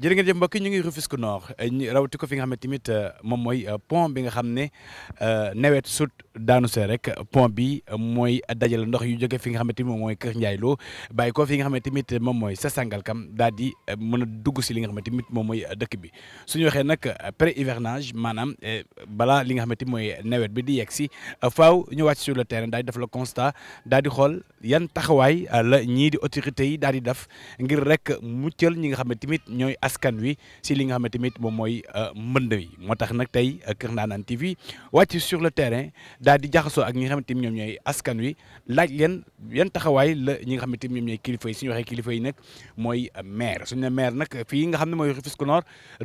jërë ngeen jëf mbokk ñu ngi Rufisque Nord rawati ko fi nga xam ne tamit euh, moom mooy euh, pont bi nga xam ne euh, nawet sut daanu see rek pont bi mooy dajale ndox yu jóge fi nga xam ne moom mooy Kër Ndiaye Lo bàyyi ko fi nga xam ne tamit moom mooy sa Sangalkam daal di mën a dugg si li nga xam ne tamit moom mooy dëkk bi suñu waxee nag pré hivernage maanaam balaa li nga xam ne tamit mooy nawet bi di yegg si faaw ñu wàcc sur le terrain daal di def constat daal di xool yan taxawaay la ñii di autorité yi daal di def ngir rek muccal ñi nga xam ne tamit ñooy askan wi si li nga xam ne tamit moom mooy euh, mbënd mi moo tax nag tey euh, Kër Ndanane TV wàcc sur le terrain daal di jaxasoo ak ñi nga xam ne ñoom ñooy askan wi laaj la ñi nga xam ne ñoom ñooy kilifa yi suñu waxee kilifa yi nag mooy maire suñu ne maire nag fii nga xam ne mooy Rufisque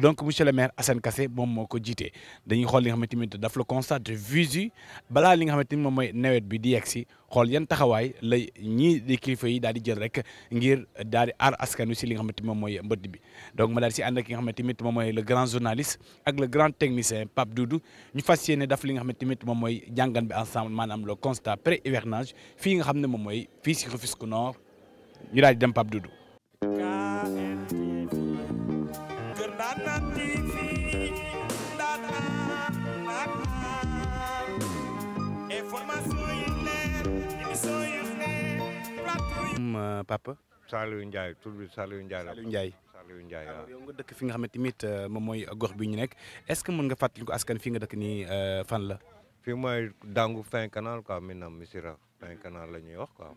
donc monsieur le maire Assane Kassé moom moo ko jiite dañuy xool li nga xam ne tamit daf la constat de visu balaa li nga xam ne moom mooy nawet bi di yegg si xool yan taxawaay lay ñii di kilifa yi daal di jël rek ngir daal di aar askan wi si li nga xamante moom mooy mbëdd bi donc ma daal si ànd ak ki nga xamante tamit moom mooy le grand journaliste ak le grand technicien Pape Doudou ñu fas yéene daf li nga xamante tamit moom mooy jàngan bi ensemble maanaam le constat pré hivernage fii nga xam ne moom mooy fii si Rufisque Nord ñu daal di dem Pape Doudou sama papa. Saliou Ndiaye tur bi yow nga dëkk fi nga xam ne tamit euh, moom mooy gox bi ñu nekk est mën nga fàttali ko askan fi nga dëkk nii euh, fan la. fii mooy dangu fin canal quoi maintenant Missirah fin canal la ñuy wax quoi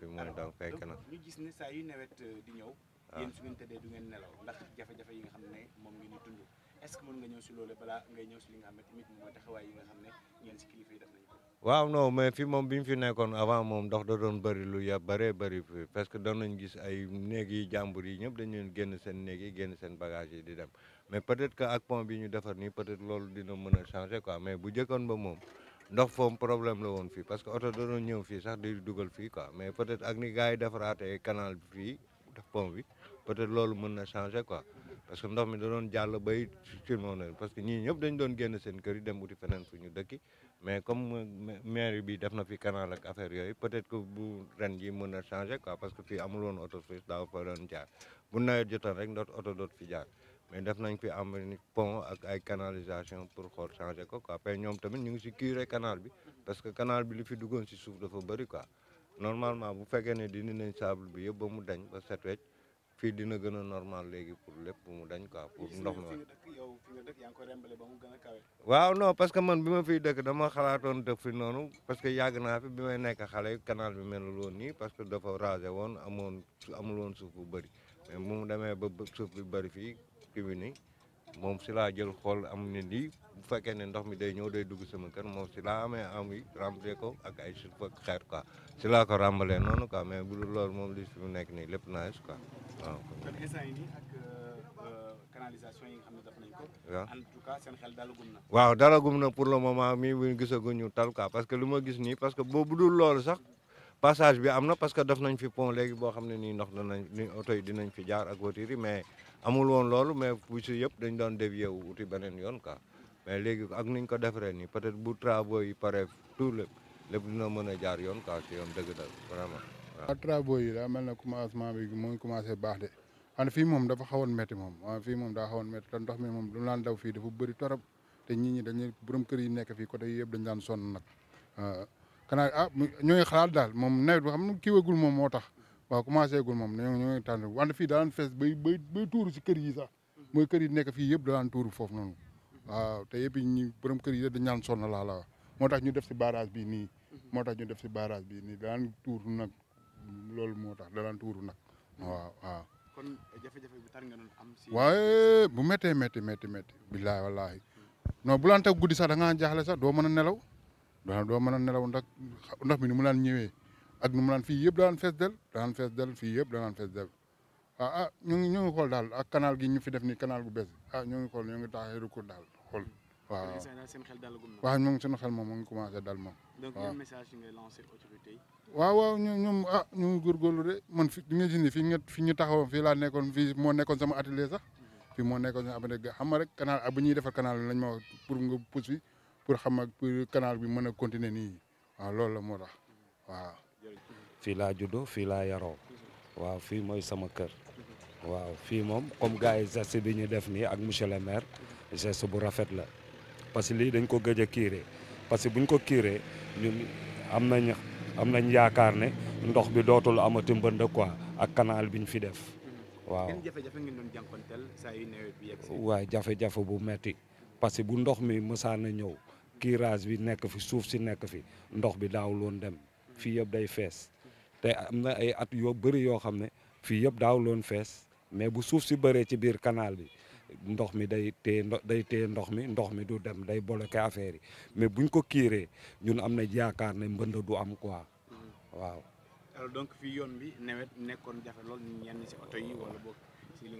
fii mooy dangu fin canal. ñu gis ne saa yu nawet euh, di ñëw. waaw ah. su ngeen tëddee du ngeen nelaw ndax jafe-jafe yi nga xam ne moom ngeen di dund. est-ce mën nga si loolu balaa nga xam ne tamit mooy taxawaay yi nga xam waaw non mais fi moom bi ñu fi nekkoon avant moom ndox da doon bëri lu ya bëree fi parce que doon nañ gis ay néeg yi jàmbur yi ñëpp dañu leen génn seen néeg yi génn seen bagage yi di dem mais peut-être que ak pont bi ñu defar nii peut-être loolu dina mën a changer quoi mais bu jëkkoon ba moom ndox foom problème la woon fii parce que oto da doon ñëw fii sax di dugal fii quoi mais peut-être ak ni gars yi defaraatee canal bi fii def pont bi peut-être loolu mën na changer quoi parce que ndox mi da doon jàll bay surmoon na parce que ñii ñëpp dañ doon génn seen kër yi dem wuti feneen fu ñu dëkki mais comme maire bi def na fi canal ak affaire yooyu peut-être que bu ren ji mën a changer quoi parce que fii amul woon oto fi daaw fa doon jaar bu nawet jotoon rek ndoot oto doot fi jaar mais def nañ fi am pon ak ay canalisation pour xool changer ko quoi après ñoom tamit ñu ngi si rek kanal bi parce que canal bi li fi duggoon si suuf dafa bëri quoi normalement bu fekkee ne dindi nañ sable bi yëpp ba mu dañ ba fii dina gën a normal léegi pour lépp mu dañ quoi pour ndox mi waaw non parce que man bi ma fi dëkk dama xalaatoon dëkk fi noonu parce que yàgg naa fi bi may nekk xale canal bi melul woon nii parce que dafa rasé woon amoon amul woon suuf bu bëri mais bu mu demee ba suuf bi bëri fii kii bi nii moom si laa jël xool am ne lii bu fekkee ne ndox mi day ñëw day dugg sama kër moom si laa amee envie rembale ko ak ay suuf ak xeer quoi si laa ko rembalee noonu quoi mais bu lool moom li fi mu nekk nii lépp naa yus quoi waaw. kon instant yii nii ak euh, canalisation yi nga xam ne def waaw en na. pour le moment mii bu ñu tal quoi parce que lu ma gis nii parce que boo bu dul sax. passage bi am na parce que def nañ fi pont léegi boo xam ne nii ndox danañ ni oto yi dinañ fi jaar ak voiture yi mais amul woon loolu mais puits yëpp dañ doon dévier wu uti beneen yoon mais léegi ak niñ ko defaree nii peut-être bu travaux yi pare tout lépp lépp dina mën a jaar yoon quoi yoon dëgg la vraiment. waaw travaux yi daa mel ne commencement bi mu ngi commencé baax de waaye fi moom dafa xawoon métti moom waaye fii moom daa xawoon métti te ndox mi moom du laan daw fii dafa bëri torop te ñi ñi dañuy borom kër yi nekk fii côté yëpp dañ daan sonn nag. xanaa ah ñooy xalaat daal moom nawet bi xam nga kiiwagul moom moo tax. waaw commencé gul moom ñoo ñoo ngi tànn wante fii daan fees bay bay bay tuuru si kër yi sax mooy kër yi nekk fii yëpp daan tuuru foofu noonu waaw te yëpp ñi borom kër yi da dañ ñaan sonn laa moo tax ñu def si barrage bi nii moo tax ñu def si barrage bi nii daan tuuru nag loolu moo tax daan tuuru nag waaw waaw kon jafe-jafe bi nga am si waaye bu mettee métti métti métti billaahi wallaahi non bu laan teg guddi sax da jaaxle sax doo mën a nelaw doo mën a nelaw ndax ndox mi ni mu laan ñëwee at mu naan fii yëpp daan fees del daan fees del fii yëpp daan fees del ah ah ñu ngi ñu xool daal ak canal gi fi def nii canal bu bees ah ñu ngi xool ñu ngi taxee recours daal xool. waaw waaw ñu ngi seen xel moom mu ngi commencé daal moom. donc yan message ngay lancer autorité yi. waaw waaw ñu ñoom ah ñu ngi góorgóorlu de man fi di nga gis ni fii nga fi ñu taxawoon fii laa nekkoon fii moo nekkoon sama atelier sax. fii moo nekkoon sama atelier xam nga rek canal ah bu ñuy defar canal lañ ma wax pour nga pousse fi pour xam ak pour canal bi mën a continuer nii waaw loolu la moo tax waaw. fii laa juddoo fii laa yaroo waaw fii mooy sama kër waaw fii moom comme gars yi geste bi ñu def nii ak monsieur le maire geste bu rafet la parce que lii dañ ko gëj a kiire parce que buñ ko kiire ñun am nañ am nañ yaakaar ne ndox bi dootul amati mbënd quoi ak kanaal bi ñu fi def waaw waaw jafe-jafe bu metti parce que bu ndox mi mësaan a ñëw curage bi nekk fi suuf si nekk fi ndox bi daawul woon dem fii yëpp day fees tey am na ay at yoo bëri yoo xam ne fii yëpp daaw loon fees mais bu suuf si bëree ci biir kanaal bi ndox mi day téye ndox day téye ndox mi ndox mi du dem day bloqué affaire yi mais buñ ko kiiree ñun am na yaakaar ne mbënd du am quoi mm-hmm. waaw. donc fii yoon bi nawet nekkoon jafe lool ñu yenn si oto yi wala boog si li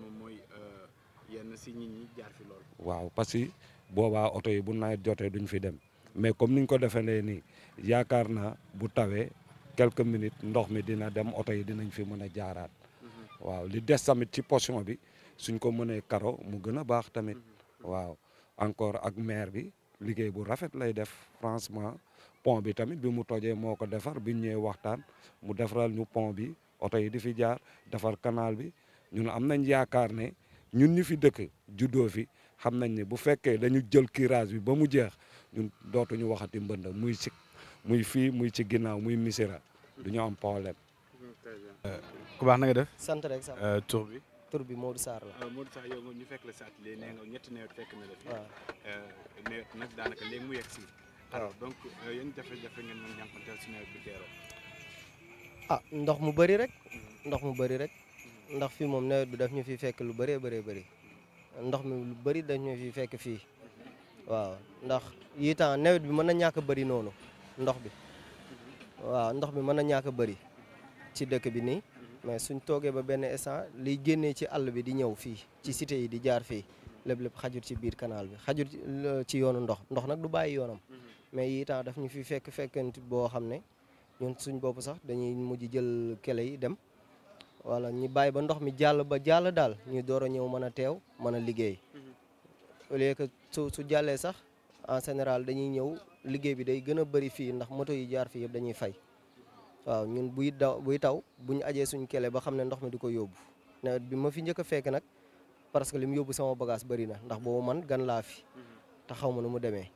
moom mooy euh, yenn si nit lool. waaw parce que boobaa oto yi bu nawet jotee duñ fi dem mais comme niñ ko defee nii yaakaar naa bu tawee. quelques minutes ndox mi dina dem oto yi dinañ fi mën a jaaraat mhm. waaw li des tamit ci potion bi suñ ko mënee karo mu gën a baax tamit mhm. waaw encore ak maire bi liggéey bu rafet lay def franchement pont bi tamit bi mu tojee moo ko defar biñ ñëwee waxtaan mu defaral ñu pont bi oto yi di fi jaar defar kanaal bi ñun am nañ yaakaar ne ñun ñu fi dëkk juddoo fi xam nañ ne bu fekkee dañu jël curage bi ba mu jeex ñun dootuñu waxati mbënd muy sik muy fii muy ci ginnaaw muy misira du ñu am problème. ku baax na nga def. sant rek sant euh, tur bi. tur bi Modou Sarr la. Euh, Modou Sarr yow ñu fekk la si atelier nee nga ñetti nawet fekk na la fi. waaw euh, nag daanaka léegi mu yegg si. donc jafe-jafe ngeen mën ñànkanteel si nawet bi teeroo. ah ndox mu bëri rek. ndox mu bëri rek. ndax fii moom nawet bi daf ñu fi fekk lu bëree bëree bëri. ndox mi lu bëri dañu fi fekk fii waaw ndax yi temps nawet bi mën na ñàkk bari noonu ndox bi waaw ndox bi mën na ñàkk a bëri ci dëkk bi nii mais suñ toogee ba benn instant liy génnee ci àll bi di ñëw fii ci cité yi di jaar fii lépp lépp xajul ci biir canal bi xajul ci yoonu ndox ndox nag du bàyyi yoonam mais yi temps daf ñu fi fekk fekkenti boo xam ne ñun suñ bopp sax dañuy mujj jël kele yi dem walla ñu bàyyi ba ndox mi jàll ba jàll daal ñu door a ñëw mën a teew mën a liggéey au lieu que su su jàllee sax en général dañuy ñëw liggéey bi day gën a bëri fii ndax moto yi jaar fii yëpp dañuy fay waaw ñun buy daw buy taw buñ ajee suñ kele ba xam ne ndox mi di ko yóbbu bi ma fi njëkk a fekk nag parce que li mu yóbbu sama bagage bëri na ndax boobu man gan laa fi te ma nu mu demee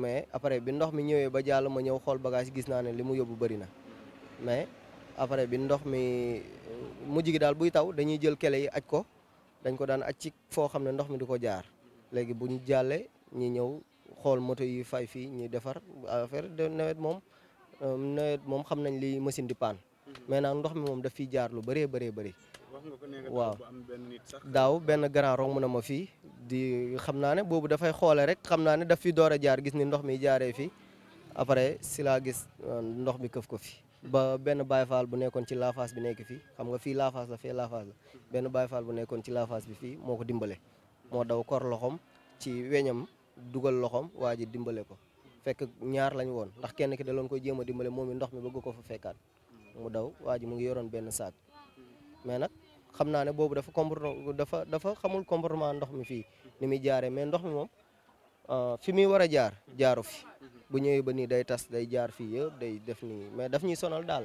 mais après bi ndox mi ñëwee ba jàll ma ñëw xool bagage gis naa ne li mu yóbbu bëri na mais après bi ndox mi euh, mujj gi daal buy taw dañuy jël kele yi aj ko dañ ko daan aj ci foo xam ne ndox mi di ko jaar léegi buñ jàllee ñi ñëw xool moto yi fay fii ñuy defar affaire de nawet moom euh, nawet moom xam nañ li machine di paan mhm. mais nag ndox mi moom dafay jaar lu bëree bëree bëri waaw daaw benn grand rong mu na ma fii di xam naa ne boobu dafay xoole rek xam naa ne daf fi door a jaar gis ni ndox mi jaaree fii après si laa gis euh, ndox mi këf ko fi ba benn Baye Fall bu nekkoon ci laafaas bi nekk fii xam nga fii laafaas la fee laafaas la mhm. benn Baye Fall bu nekkoon ci laafaas bi fii moo ko dimbale moo daw ci weñam dugal loxoom waa ji dimbale ko fekk ñaar lañ woon ndax kenn ki da loon koy jéem a dimbale moom i ndox mi bëgg ko fa fekkaat mu daw waa ji mu ngi yoroon benn saak mais nag xam naa ne boobu dafa comportement dafa dafa xamul comportement ndox mi fii ni muy jaaree mais ndox mi moom euh, fi muy war a jaar jaaru fi bu ñëwee ba nii day tas day jaar fii yëpp day def nii mais daf ñuy sonal daal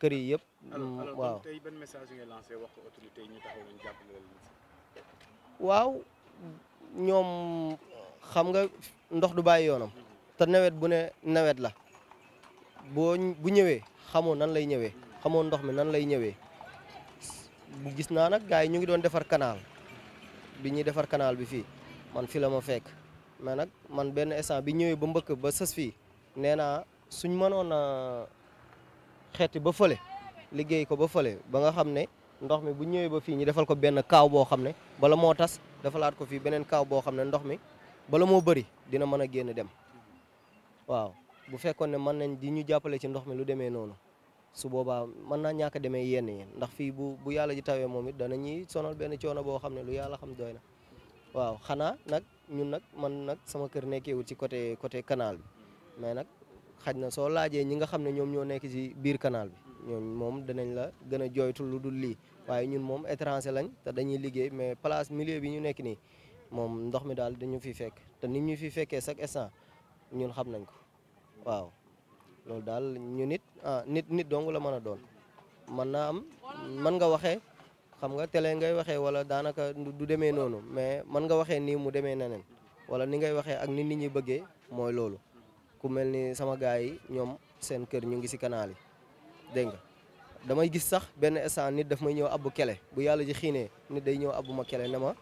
kër yi yëpp mm, waaw tey ban message ngay lancé waaw ñoom xam nga ndox du bàyyi yoonam te nawet bu ne nawet la boo bu ñëwee xamoo nan lay ñëwee xamoo ndox mi nan lay ñëwee gis naa nag gars yi ñu ngi doon defar canal bi ñuy defar kanaal bi fii man fi la ma fekk mais nag man benn instant bi ñëwee ba mbëkk ba sës fii nee naa suñ mënoon a xeeti ba fële liggéey ko ba fële ba nga xam ne ndox mi bu ñëwee ba fii ñu defal ko benn kaaw boo xam ne bala moo tas defalaat ko fii beneen kaaw boo xam ne ndox mi bala moo bari dina mën a génn dem waaw bu fekkoon ne mën nañ di ñu jàppale ci ndox mi lu demee noonu su boobaa mën naa ñàkk demee yenn yi ndax fii bu bu yàlla ji tawee moom it danañuy sonal benn coono boo xam ne lu yàlla xam doy na waaw xanaa nag ñun nag man nag sama kër nekkeewul ci côté côté canal bi mais nag xaj na soo laajee ñi nga xam ne ñoom ñoo nekk ci biir canal bi moom danañ la gën a jooytu lu dul lii waaye ñun moom étranger lañ te dañuy liggéey mais place milieu bi ñu nekk nii moom ndox mi daal dañu fi fekk te nit ñu fi fekkee chaque instant ñun xam nañ ko waaw loolu daal ñu nit ah nit nit dong la mën a doon mën naa am mën nga waxee xam nga tele ngay waxee wala daanaka du demee noonu mais man nga waxee nii mu demee nen wala ni ngay waxee ak nit ñi bëggee mooy loolu ku mel ni sama gars yi ñoom seen kër ñu ngi si kanaal yi dégg nga damay gis sax benn instant nit daf may ñëw abbu kele bu yàlla ji xiinee nit day ñëw abbu ma kele ne ma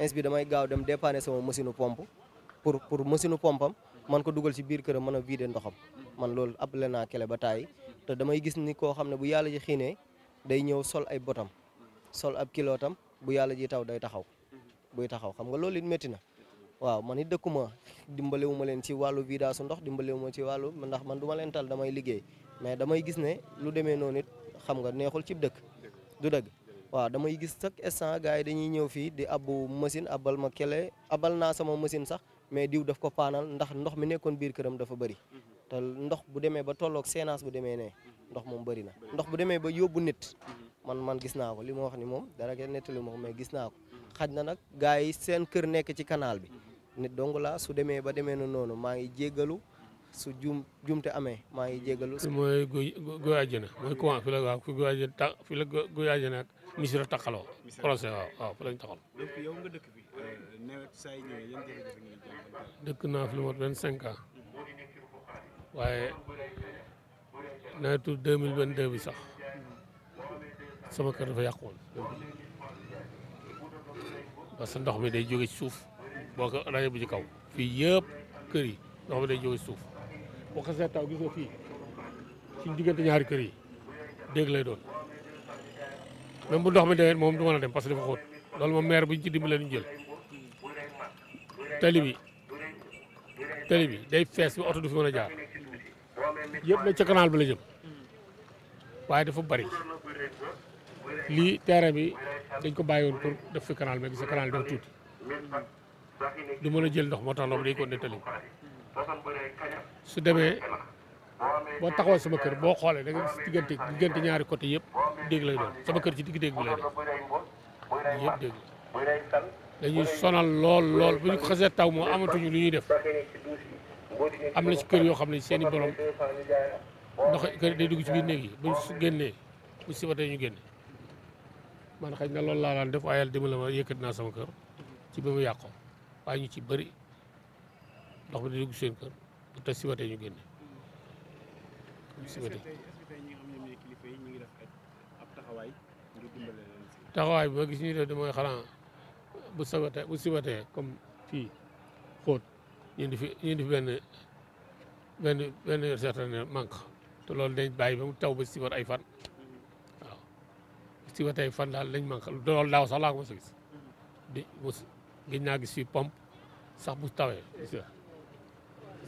ins bi damay gaaw dem dépanner sama machine pompe pour pour machine pompam man ko dugal ci biir këram mën a vider ndoxam man loolu appelé naa kele ba taay te damay gis ni koo xam ne bu yàlla ji xiinee day ñëw sol ay botam sol ab kilootam bu yàlla ji taw day taxaw buy taxaw xam nga loolu it métti na waaw man it dëkkuma dimbalewu ma leen ci wàllu vida su ndox dimbalewu ma ci wàllu ndax man du ma leen tal damay liggéey mais damay gis ne lu demee noonu it xam nga neexul cib dëkk du dëgg waaw damay gis chaque instant yi dañuy ñëw fii di abu machine abal ma kele abal naa sama machine sax mais diw daf ko paanal ndax ndox mi nekkoon biir këram dafa bëri te ndox bu demee ba tolloog séenance bu demee ne ndox moom bëri na ndox bu demee ba yóbbu nit man man gis naa ko li ma wax ni moom dara kenn nettali ma mais gis naa ko xaj na nag gars yi seen kër nekk ci kanaal bi nit dong laa su demee ba demee na noonu maa ngi jéggalu su jum jumte amee maa ngi jéggalu mooy guy guy àjjana mooy comment fi la waaw guy àjjana la guy àjjana ak Missirah dafa taxaloo. procès waaw waaw fa lañ dëkk bi euh, dëkk naa fi lu mat vingt cinq ans waaye nawetu deux mille vingt deux bi sax sama kër dafa yàqoon parce que ndox mi day jóge ci suuf boo ko rajo bu ci kaw. fii yëpp kër yi ndox mi day jóge suuf boo xasee taw gis nga fii ci diggante ñaari kër yi dégg lay doon. même bu ndox mi demee moom du mën a dem parce que dafa xóot loolu moom maire bu ñu ci dimbale jël tali bi tali bi day fees bi oto du fi mën a jaar yépp nag ca canal bi la jëm waaye dafa bari lii terrain bi dañ ko bàyyi def fi canal mais gis nga tuuti du mën a jël ndox moo tax loolu day ko ne tali su demee boo taxawal sama kër boo xoolee da nga gis diggante diggante ñaari côté yëpp dégg lay kër ci digg dégg bi lay sonal lool lool bu ñu ko taw moo amatuñu lu ñuy def am na ci kër yoo xam ne seen i borom ndox kër day dugg ci biir néeg yi buñ génnee bu sibatee ñu génne man xëy na loolu laa daan def waaye yàlla la ma yëkkat naa sama kër ci ba mu yàqoo waaye ñu ci bari ndox mi day dugg seen kër bu te ñu génne sibatee taxawaay boo gis ñu def de mooy xanaa bu sabatee bu sibatee comme fii xóot ñu di fi ñu di fi benn benn benn yor certaine manque te loolu dañ bàyyi ba mu taw ba sibat ay fan waaw sibat ay fan daal lañ manque loolu daaw sax laa ko mos a gis di gis naa gis fii pompe sax bu tawee gis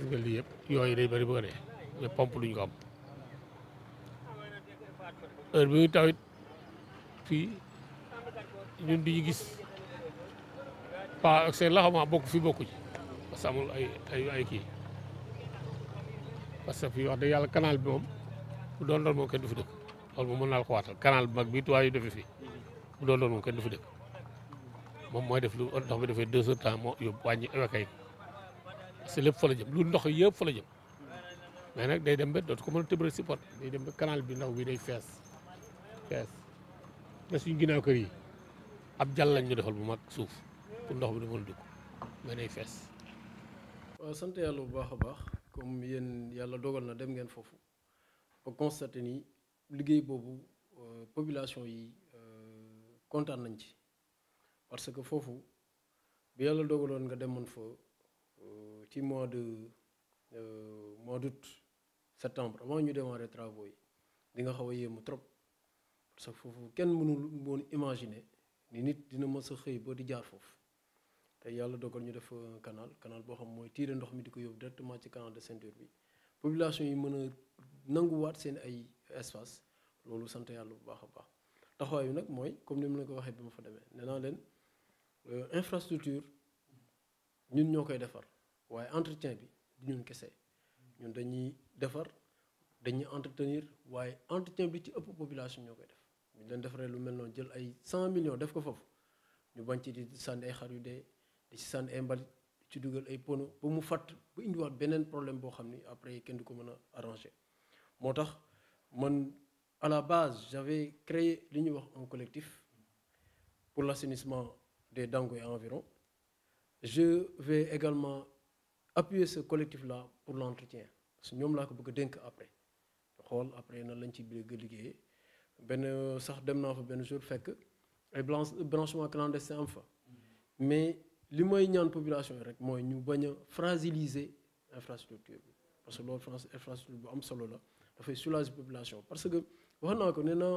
nga lii yëpp yooyu day bëri bëgg a duñ ko heure bi muy tawit fii ñun di ñu gis pas ak seen la bokk fi bokku ci amul ay kii parce que wax dëgg yàlla canal bi moom bu doon moom kenn du fi dëkk loolu moom mën naa la ko waatal canal bi mag bi tuwaay yu defe fii bu doon moom kenn du fi dëkk moom mooy def lu ndox mi defee deux heures temps moo yóbbu wàññi yi parce que lépp fa jëm lu ndox yëpp fala la jëm mais nag day dem ba dootu ko mën a tëbëral si pot day dem ba bi ndaw bi day fees fees na suñ ginaaw kër yi ab jàll lañ ñu defal bu mag suuf pour ndox bi du mën a dugg mais nay fees. waaw sant yàlla bu baax a baax comme yéen yàlla dogal na dem ngeen foofu ba constaté ni liggéey boobu euh, population yi euh, kontaan nañ ci parce que foofu bi yàlla dogaloon nga dem demoon fa euh, ci mois de mois d'août septembre avant ñu démarrer travaux yi di nga trop. parce foofu kenn mënul woon imaginer ni nit dina mës a xëy ba di jaar foofu te yàlla dogal ñu def kanaal euh, kanaal boo xam mooy tiire ndox mi di ko yóbbu directement ci canal de ceinture bi population yi mën a nanguwaat seen ay espace loolu sant yàlla bu baax a baax taxawaayu nag mooy comme ni mu la ko waxee bi ma fa demee nee naa leen euh, infrastructure ñun ñoo koy defar waaye entretien bi du ñun kese ñun dañuy defar dañuy entretenir waaye entretien bi ci ëpp population ñoo koy def ñu leen defaree lu mel noonu jël ay 100 millions def ko foofu ñu bañ ci di sànni ay xar yu de di ci sànni ay mbalit ci dugal ay pono ba mu fàtt ba indiwaat beneen problème boo xam ni après kenn du ko mën a arranger moo tax man à la base j'avais créé li ñuy wax un collectif pour l'assainissement des Dangoye et environ je également appuyer ce collectif la pour l'entretien parce que ñoom laa ko bëgg a dénk après xool après nan lañ ci bëgg a liggéeyee benn sax dem naa fa benn jour fekk ay branchement clandestin am fa mais li may ñaan population yi rek mooy ñu bañ a fragiliser infrastructure bi parce que loolu France infrastructure bu am solo la dafay soulager population parce que wax naa ko nee na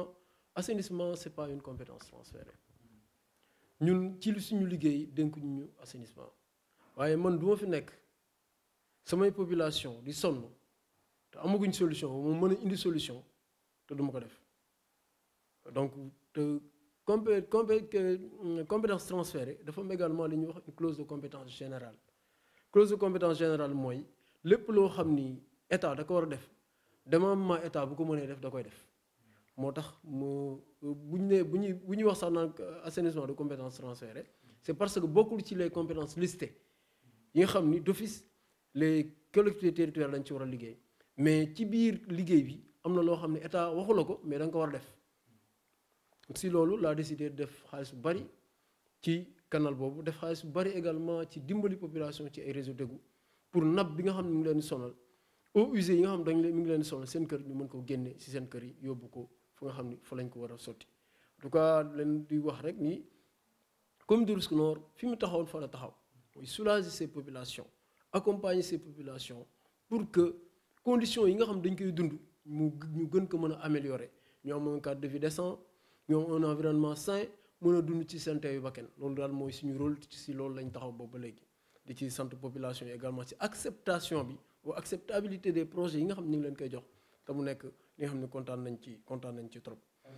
assainissement c'est pas une compétence transférée ñun ci suñu liggéey dénk ñu assainissement waaye man du fi nekk samay population di sonn te amaguñ solution moom mën a indi solution te duma ko def donc te compé euh, compétence transférée dafa am également li ñuy wax une clause de compétence générale clause de compétence générale mooy lépp loo xam ni état da ko war a def demandement état bu ko mënee def da koy def moo tax mu bu ñu nee bu ñuy bu ñuy wax sax naan assainissement de compétence transférée c'est parce que bokkul ci les compétences listées yi nga xam ni d'office les collectivités territoriales lañ ci war a liggéey mais ci biir liggéey bi am na loo xam ne état waxu la ko mais da ko war a def si loolu laa décidé def xaalis bu bari ci canal boobu def xaalis bu bari également ci dimbali population ci ay réseau d'égout pour nap bi nga xam ne mu ngi leen sonal eaux usées yi nga xam ne dañ leen mi ngi leen sonal seen kër ñu mën ko génne si seen kër yi yóbbu ko fu nga xam ne fa lañ ko war a sotti en tout cas leen di wax rek ni comme de Rufisque Nord fi mu taxawoon fa la taxaw mooy soulager ces population accompagne ces populations pour que conditions yi nga xam dañ koy dund mu ñu gën ko mën a améliorer ñu ñoom un environnement sain mën a dund ci seen teeyu bakkan loolu daal mooy suñu rol si loolu lañ taxaw boobu ba léegi di ci sant population yi également ci acceptation bi ou acceptabilité des projets yi nga xam ne ngi leen koy jox te mu nekk li nga xam ne kontaan nañ ci kontaan nañ ci trop. Euh,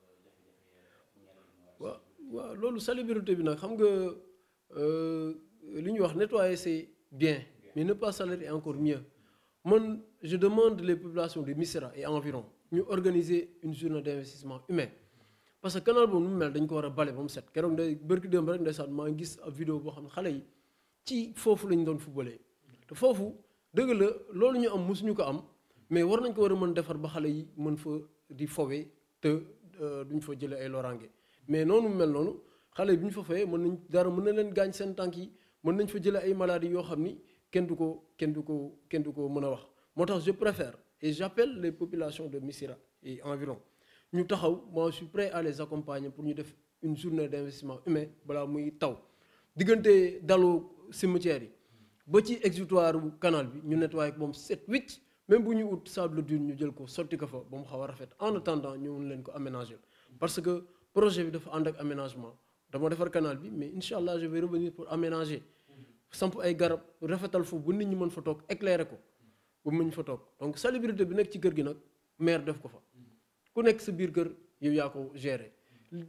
euh, waaw euh, waaw loolu salubrité bi nag xam nga li ñuy wax nettoyer c'est bien. mais ne pas salaire est encore mieux man je demande les populations de Missirah et environ ñu organiser une journée d'investissement humain parce que canal boobu mu mel dañ ko war a bale ba mu set keroog nday bërki démb rek ndeysaan maa ngi gis ab vidéo boo xam ne xale yi ci foofu lañ doon footballé te foofu dëgg la loolu ñu am mosuñu ko am mais war nañ ko war a mën defar ba xale yi mën fa di fowe te euh, duñ fa jëlee ay loraange mais noonu mel noonu xale yi ñu fa mën nañ dara mën na leen gaañ seen tànk yi mën nañ fa jëlee ay maladies yoo xam ni kenn du ko kenn du ko kenn du ko mën a wax moo tax je préfère et j'appelle les populations de Missira et environ ñu taxaw moo je suis prêt à les accompagner pour ñu def une journée d'investissement humain balaa muy taw diggante dalu cimetière yi ba ci exutoire canal bi ñu nettoyé ko moom set wicc même bu ñu ut sable dune ñu jël ko sotti ko fa ba mu xaw rafet en attendant ñëw mun leen ko aménager parce que projet bi dafa ànd ak aménagement dama defar canal bi mais incha allah je vais revenir pour aménager samp ay garab rafetal foofu bu nit ñi mën fa toog éclairer ko bu mu fa toog donc salubrité bi nekk ci kër gi nag maire def ko fa ku nekk sa biir kër yow yaa ko gérer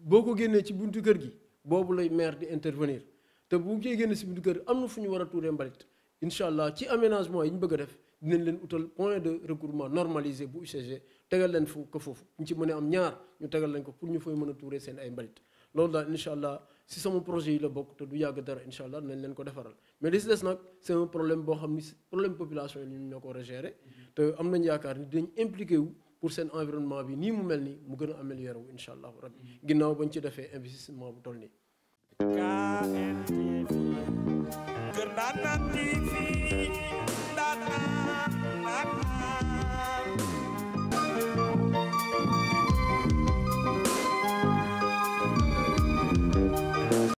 boo ko génnee ci buntu kër gi boobu lay maire di intervenir te bu koy génne si buntu kër am na fu ñu war a tuuree mbalit incha allah ci aménagement yi ñu bëgg a def dinañ leen utal point de regroupement normalisé bu UCG tegal leen fu ko foofu ñu ci mën a am ñaar ñu tegal leen ko pour ñu fay mën a tuuree seen ay mbalit. loolu daal incha allah si sama projet yi la bokk te du yàgg dara incha allah nañ leen ko defaral mais li si des nag c' est problème boo xam ni problème population yi ñun ñoo ko war a te am nañ yaakaar ni dinañ impliqué wu pour seen environnement bi nii mu mel nii mu gën a amélioré wu incha rabbi ginnaaw bañ ci defee investissement bu toll nii. KN